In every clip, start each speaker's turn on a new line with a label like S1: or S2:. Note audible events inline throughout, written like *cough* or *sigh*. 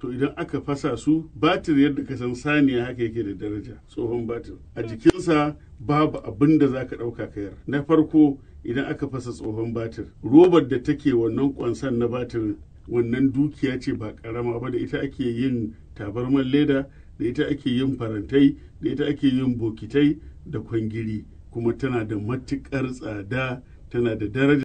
S1: to idan aka fasa su batir yadda ka san saniya haka yake da daraja tsohon batir a jikinsa babu abin da za ka ɗauka kayar na farko idan aka fasa tsohon batir robar da take wannan kwansan na batir wannan dukiya ce ba karama ba da ita ake yin tabarman leda da ita ake yin farantai da ita ake yin bokitai da kwangiri kuma tana da matuƙar tsada tana da daraja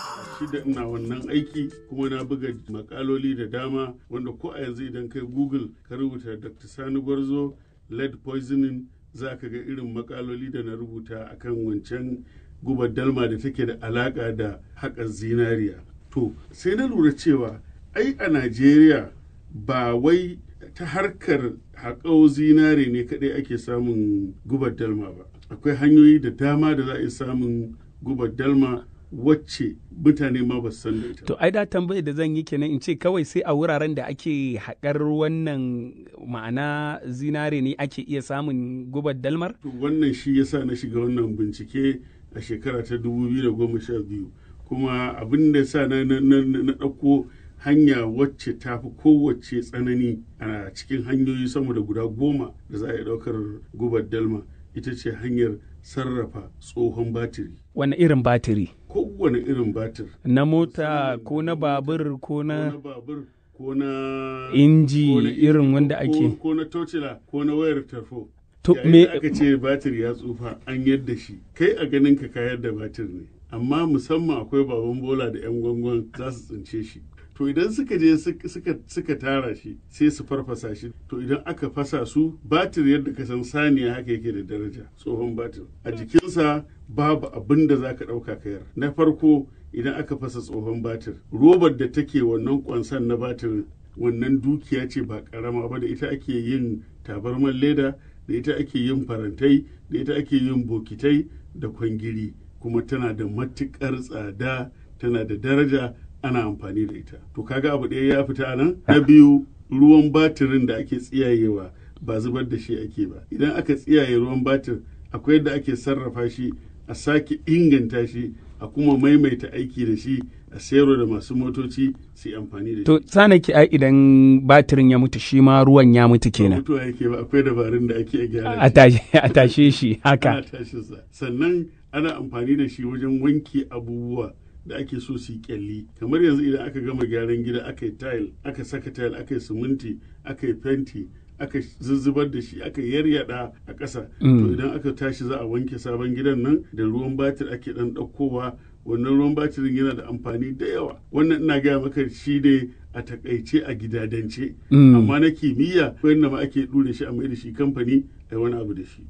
S1: da ina wannan aiki kuma na buga makaloli da dama wanda ko a yanzu idan kai google ka rubuta dr sani gwarzo lead poisoning za ka ga irin makaloli da na rubuta akan wancan gubar dalma da take da alaka da haƙar zinariya to sai na lura cewa ai a najeriya ba wai ta harkar haƙau zinari ne kaɗai ake samun gubar dalma ba akwai hanyoyi da dama da za a yi samun gubar dalma wacce mutane ma ba su san da ita. To
S2: ai da tambayar da zan yi kenan in ce kawai sai a wuraren da ake haƙar wannan ma'ana zinare ne ake iya samun gubar dalmar?
S1: Wannan shi yasa na shiga wannan bincike a shekara ta 2012 kuma abin da sa na ɗauko hanya wacce ta fi kowace tsanani a cikin hanyoyi sama da guda goma da za a yi ɗaukar gubar dalma. ita ce hanyar sarrafa tsohon batiri.
S2: Wani irin batiri?
S1: Kowane irin batir.
S2: Na mota ko na babur ko na...
S1: babur ko na...
S2: Inji irin wanda ake.
S1: Ko na tocila ko na wayar tarfo. To me aka ce batir ya tsufa an yadda shi. Kai a ganin ka kayar da batir ne. Amma musamman akwai baban bola da 'yan gwangwan za su tsince shi. to idan suka je suka tara shi sai su farfasa shi to idan aka fasa su batir yadda ka san saniya haka yake da daraja tsohon batir a jikinsa babu abin da za ka ɗauka kayar na farko idan aka fasa tsohon batir robar da take wannan kwansan na batir wannan dukiya ce ba karama ba da ita ake yin tabarman leda da ita ake yin farantai da ita ake yin bokitai da kwangiri kuma tana da matukar tsada tana da daraja ana amfani da ita to kaga abu ɗaya ya fita nan na biyu ruwan batirin da ake tsiyayewa ba zubar da shi ake ba idan aka tsiyaye ruwan batir akwai yadda ake sarrafa shi a sake inganta shi a kuma maimaita aiki da shi a sayarwa da masu motoci su yi amfani da shi. To
S2: tsanaki a idan batirin ya mutu shi ma ruwan ya mutu kenan.
S1: Mutuwa yake ba akwai dabarun da ake gyara A tashe shi *laughs* haka. Sannan ana amfani da shi wajen wanke abubuwa da ake so su yi kyalli kamar yanzu idan aka gama gyaran gida aka yi tile aka saka tile aka yi siminti aka yi fenti aka zuzzubar da shi aka yaryada a ƙasa mm. to idan aka tashi za a wanke sabon gidan nan da ruwan batir ake dan ɗaukowa wannan ruwan batirin yana da amfani da yawa wannan ina gaya maka shi ne a takaice a gidadance mm. amma na kimiyya Wannan ma ake ɗure shi a mai da shi kamfani da wani abu da shi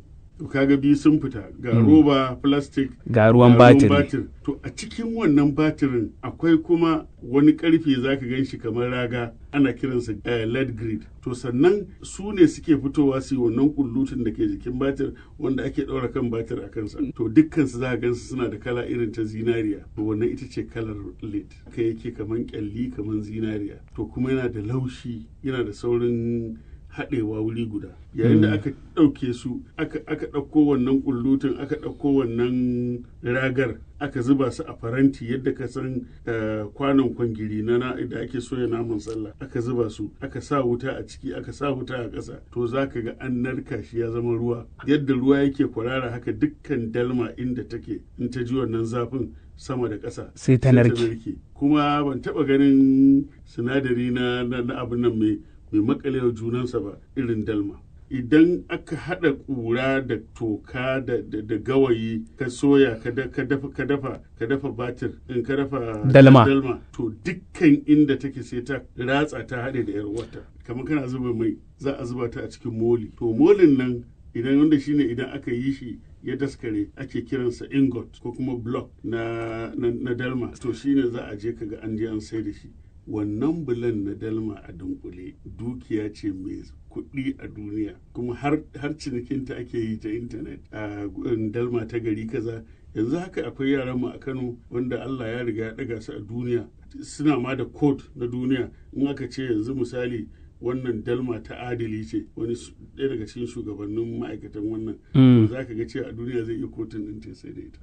S1: kaga biyu sun fita ga hmm. roba plastic ga ruwan batir to a cikin wannan batirin akwai kuma wani karfe zaka gan shi kamar raga ana kiransa eh, lead grid to sannan su ne suke fitowa su wannan kullutun da ke jikin batir wanda ake ɗaura kan batir a kansa to dukkan su za gansu suna da kala irin ta zinariya to wannan ita ce kalar lead ka yake kaman kyalli kaman zinariya to kuma yana da laushi yana da saurin haɗewa wuri guda yayin da hmm. aka ɗauke su aka ɗauko wannan ƙullutun aka ɗauko wannan ragar aka zuba su a faranti yadda ka san eh, kwanon kwangiri na da ake soya naman sallah aka zuba su aka sa wuta a ciki aka sa wuta a ƙasa to za ka ga an narka shi ya zama ruwa yadda ruwa yake kwarara haka dukkan dalma inda take in ta ji wannan zafin sama da ƙasa sai ta narke kuma ban taɓa ganin sinadari na abin nan mai bai makalewa junansa ba irin dalma idan aka haɗa kura da toka da gawayi ka soya ka dafa ka dafa ka dafa batir in ka dafa dalma to dukkan inda take sai ta ratsa ta haɗe da 'yar wata kamar kana zuba mai za a zuba ta a cikin moli to molin nan idan wanda shine idan aka yi shi ya daskare ake kiransa ingot ko kuma block na, dalma to shine za a je ka ga an je an sai da shi wannan bulan na dalma a dunkule dukiya ce mai kuɗi a duniya kuma har cinikinta ake yi ta intanet a dalma ta gari kaza yanzu haka akwai yaran mu a kano wanda allah ya riga ya ɗaga su a duniya suna ma da code na duniya in aka ce yanzu misali wannan dalma ta adali ce wani ɗaya daga cikin shugabannin ma'aikatan wannan mm. za ka ga cewa a duniya zai iya kotun ɗin ce sai da ita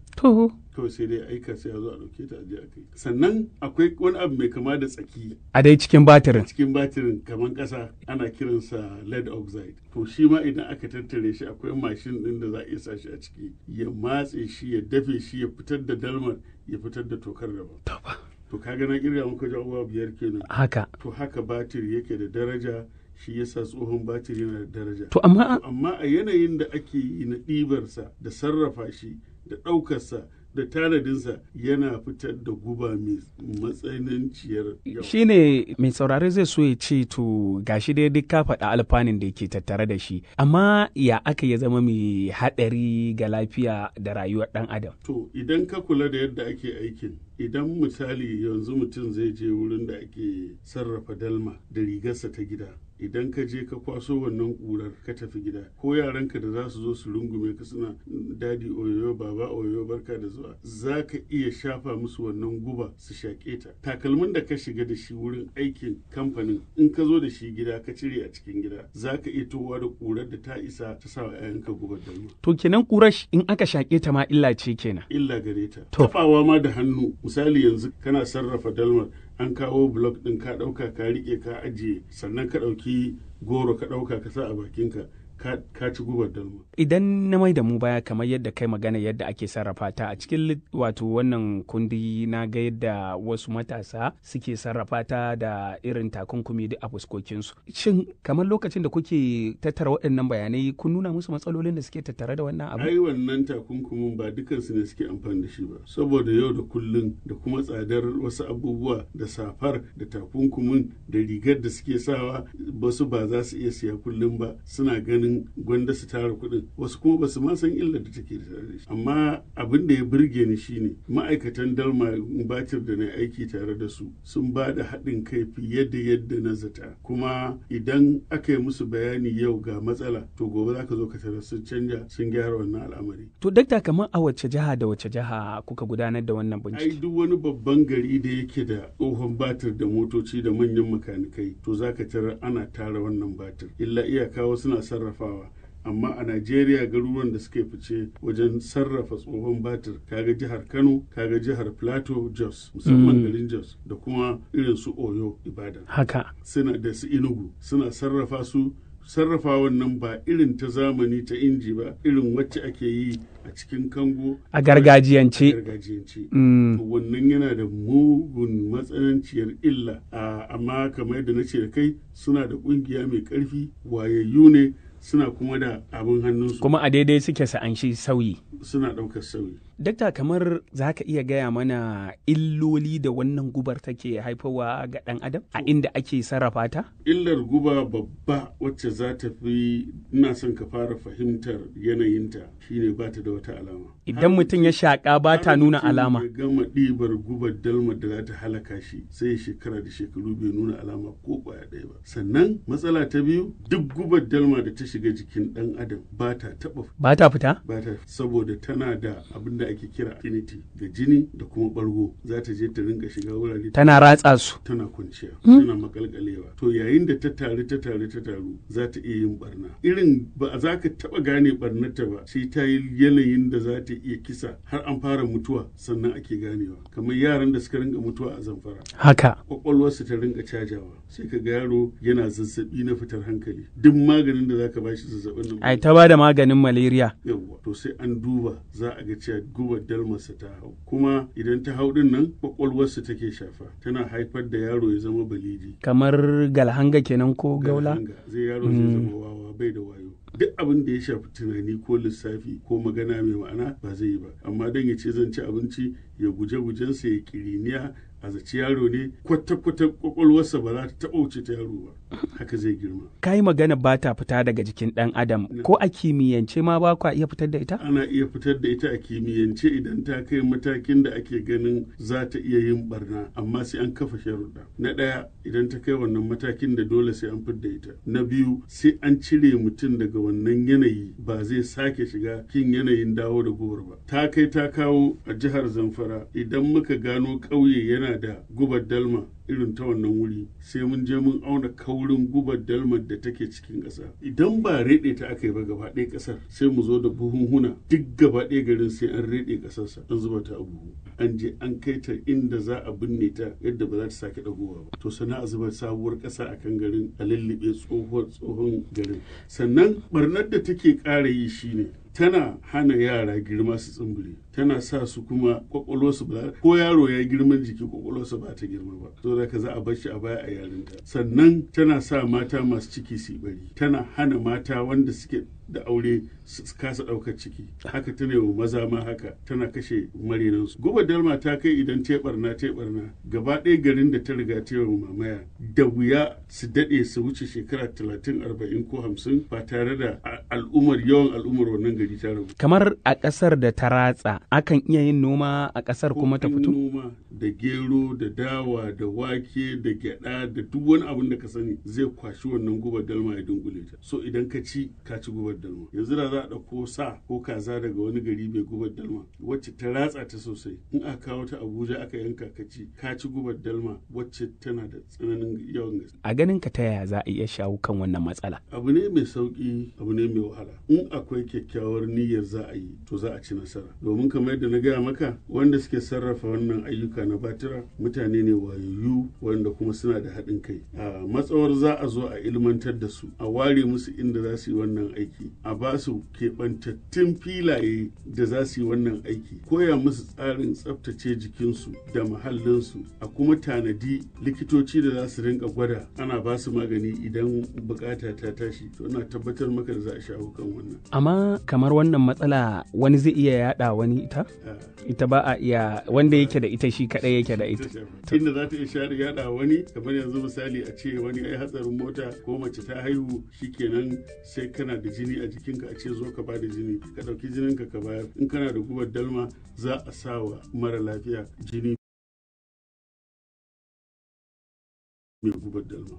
S1: to sai dai aika sai a zo a ɗauke ta a a kai sannan akwai wani abu mai kama da tsaki a dai cikin batirin cikin batirin kamar ƙasa ana kiransa lead oxide to shi ma idan aka tattare shi akwai mashin ɗin da za a iya sa shi a ciki ya matse shi ya dafe shi ya fitar da dalmar ya fitar da tokar da ba to kaga na kirga muka ji abubuwa biyar kenan haka to haka batir yake da daraja shi yasa tsohon batir yana da daraja to amma amma a yanayin da ake yi na ɗibarsa da sarrafa shi da ɗaukarsa da tanadinsa yana fitar da guba mai matsananciyar shi
S2: ne mai saurari zai so ya ce to gashi dai duk ka faɗa alfanun da yake tattare da shi amma ya aka ya zama mai haɗari ga lafiya da rayuwar ɗan adam
S1: to idan ka kula da yadda ake aikin idan misali yanzu mutum zai je wurin da ake sarrafa dalma da rigarsa ta gida idan ka je ka kwaso wannan ƙurar ka tafi gida ko yaranka da za su zo su rungume ka suna dadi oyoyo baba oyoyo barka da zuwa za ka iya shafa musu wannan guba su shaƙe ta takalmin da ka shiga da shi wurin aikin kamfanin in ka zo da shi gida ka cire a cikin gida za ka iya towa da ƙurar da ta isa ta sa yayanka guba. da
S2: to kenan ƙurar in aka shaƙe ta ma illa ce kenan
S1: illa gare ta tafawa ma da hannu misali yanzu kana sarrafa dalmar an kawo block ɗin ka ɗauka ka riƙe ka ajiye sannan ka ɗauki goro ka ɗauka ka sa a bakinka ka ci gubar ruwa.
S2: Idan na mai da mu baya kamar yadda kai magana yadda ake sarrafa ta a cikin wato wannan kundi na ga yadda wasu matasa suke sarrafa ta da irin takunkumi a fuskokinsu. Shin kamar lokacin da kuke tattara waɗannan bayanai kun nuna musu matsalolin da suke tattare da wannan abu? Ai
S1: wannan takunkumin ba dukansu ne suke amfani da shi ba. Saboda yau da kullun da kuma tsadar wasu abubuwa da safar da takunkumin da rigar da suke sawa wasu ba za su iya siya kullun ba suna ganin ganin gwanda su tara kuɗin wasu kuma basu ma san illar da take tare da shi amma abin da ya burge ni shine ma'aikatan dalma batir da na aiki tare da su sun ba da haɗin kai fiye da yadda na zata kuma idan aka yi musu bayani yau ga matsala to gobe za ka zo ka tare sun canja sun gyara wannan al'amari.
S2: to dakta kamar a wace jiha da wace jiha kuka gudanar da wannan bincike.
S1: ai duk wani babban gari da yake da tsohon batir da motoci da manyan makanikai to za ka tara ana tara wannan batir illa iyaka wasu na sarrafa sarrafawa amma a najeriya garuruwan da suke fice wajen sarrafa tsohon batir kaga jihar kano kaga jihar plateau jos musamman mm. garin jos da kuma irin su oyo ibadan haka suna da su inugu suna sarrafa su sarrafa wannan ba irin ta zamani ta inji ba irin wacce ake yi a cikin kango a gargajiyance mm. wannan yana da mugun matsananciyar illa ah, amma kamar yadda na ce da kai suna da kungiya mai karfi wayayyu ne suna kuma da abin hannunsu
S2: kuma a daidai suke sa sa'anshi sauyi
S1: suna ɗaukar sauyi
S2: dakta kamar za ka iya gaya mana illoli da wannan gubar take haifarwa ga ɗan adam a inda ake sarrafa ta
S1: illar guba babba wacce za ta fi ina son ka fara fahimtar yanayinta shine ba ta da wata alama
S2: idan mutum ya shaƙa ba ta nuna alama
S1: gama ɗibar gubar dalma da za ta halaka shi sai shekara da shekaru bai nuna alama ko ɗaya ba sannan matsala ta biyu duk gubar dalma da ta shiga jikin ɗan adam ba ta taɓa ba ta fita ba ta saboda tana da abin da ake kira affinity da jini da kuma ɓargo za ta je ta rinka shiga wurare tana ratsa su tana kwanciya hmm? tana makalkalewa to yayin da ta taru ta taru ta taru za ta iya yin barna irin ba za ka taɓa gane ta ba sai ta yi yanayin da za ta iya kisa har an fara mutuwa sannan ake ganewa kamar yaran da suka rinka mutuwa a zamfara haka kwakwalwarsu ta rinka cajawa sai ka ga yaro yana zazzabi na fitar hankali duk maganin da zaka aka ba shi zazzabin nan ai
S2: ta ba da maganin malaria
S1: yawa to sai an duba za a ga cewa gubar dalmarsa ta hau kuma idan ta hau din nan kwakwalwarsa take shafa tana haifar da yaro ya zama balidi
S2: kamar galhanga kenan ko gaula zai yaro zai mm. zama
S1: wawa bai da wayo duk abin da ya shafi tunani ko lissafi ko magana mai ma'ana ba zai yi ba amma dan ya ce zan ci abinci ya guje-gujensa ya kiriniya a zaci yaro ne kwata-kwata kwakwalwarsa ba za ta taɓa wuce ta yaro ba haka zai girma
S2: ka yi magana ba ta fita daga jikin ɗan adam ko a kimiyyance ma ba a iya fitar da ita
S1: ana iya fitar da ita a kimiyyance idan ta kai matakin da ake ganin za ta iya yin barna amma sai an kafa sharuɗa na ɗaya idan ta kai wannan matakin da dole sai an fitar da ita na biyu sai an cire mutum daga wannan yanayi ba zai sake shiga kin yanayin dawo da gowar ba ta kai ta kawo a jihar zamfara idan muka gano ƙauye yana da gubar dalma irin ta wannan wuri sai mun je mun auna kaurin gubar dalmar da take cikin ƙasa idan ba reɗe ta aka yi ba gaba ɗaya ƙasar sai mu zo da buhunhuna duk gaba ɗaya garin sai an reɗe ƙasarsa an zuba ta a buhu an je an kai ta inda za a binne ta yadda ba za ta sake ɗagowa ba to sana'a zuba sabuwar ƙasa a kan garin a lullube tsohuwar tsohon garin sannan ɓarnar da take ƙara yi shine tana hana yara girma su tsumbure tana sa su kuma kwakwalwarsu ba ko yaro ya girma jiki kwakwalwarsa ba ta girma ba so da ka za a bar shi a baya a yarinta sannan tana sa mata masu ciki su bari tana hana mata wanda suke da aure su kasa ɗaukar ciki haka tana wa maza ma haka tana kashe marinansu gobe dalma ta kai idan ta na na gaba ɗaya garin da ta riga ta mamaya da wuya su daɗe su wuce shekara talatin arba'in ko hamsin ba tare da al'umar yawan al'umar wannan gari ta rabu
S2: kamar a ƙasar da ta ratsa akan iya yin noma a ƙasar kuma ta fito?
S1: noma da gero da dawa da wake da gyada da duk wani abin da ka sani zai kwashi wannan gubar dalma ya dungule ta so idan ka ci ka ci gubar dalma yanzu da za a ɗauko sa ko kaza daga wani gari mai gubar dalma wacce ta ratsa ta sosai in aka kawo ta abuja aka yanka ka ci ka ci gubar dalma wacce tana da tsananin yawan gaske
S2: a ganin ka ta yaya za a iya shawo kan wannan matsala
S1: abu ne mai sauki abu ne mai wahala in akwai kyakkyawar niyyar za a yi to za a ci nasara domin kamar yadda na gaya maka wanda suke sarrafa wannan ayyuka na batira mutane ne wayoyu wanda kuma suna da haɗin kai a matsawar za a zo a ilmantar da su a ware musu inda za su yi wannan aiki a ba su keɓantattun filaye da za su yi wannan aiki koya musu tsarin tsaftace jikinsu da muhallinsu a kuma tanadi likitoci da za su rinka gwada ana ba su magani idan bukata ta tashi to ina tabbatar maka da za a shawo kan wannan
S2: amma kamar wannan matsala wani zai iya yaɗa wani ita eh. ita ba a iya wanda yake da ita shi kadai yake da ita
S1: inda za ta iya riga da wani kamar yanzu misali a ce wani ai hatsarin mota ko mace ta haihu shikenan sai kana da jini a jikinka a ce zo ka ba da jini ka ɗauki jinin ka ka bayar in kana da gubar dalma za a sawa mara lafiya jini mai gubar dalma